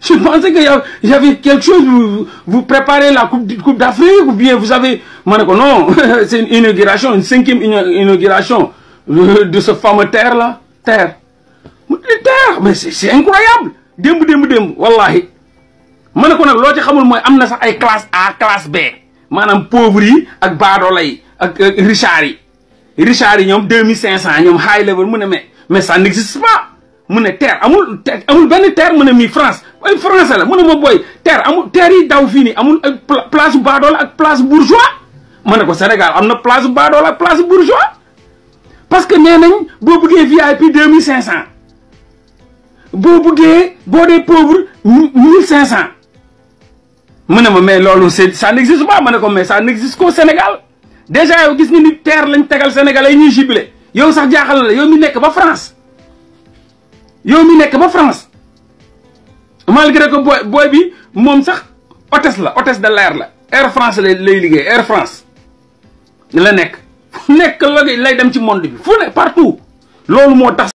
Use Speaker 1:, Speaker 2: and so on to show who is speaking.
Speaker 1: Je pensais que j'avais quelque chose, vous, préparez la Coupe, d'Afrique, ou bien vous avez... non, c'est une inauguration, une cinquième inauguration euh, de ce fameux terre-là. Terre. Terre, mais c'est incroyable. Demb, wallahi. classe A classe B Manam pauvre richard richard high level mais ça n'existe pas Terre, terre terre France oui, français la terre amul terre place Badol, place bourgeois Je ne Sénégal place Badol, place bourgeois parce que nee nañ VIP 2500. pauvre mais ça n'existe pas mais ça n'existe qu'au Sénégal déjà yow ni terre lañ Sénégal Sénégalais yow sax mi France yow mi ba France malgré que booy booy bi moom sax hôtesse la hôtesse de l'air la Air France lay lay liggéey Air France la nekk fu nekk loogi lay dem ci monde bi fu ne partout loolu moo tax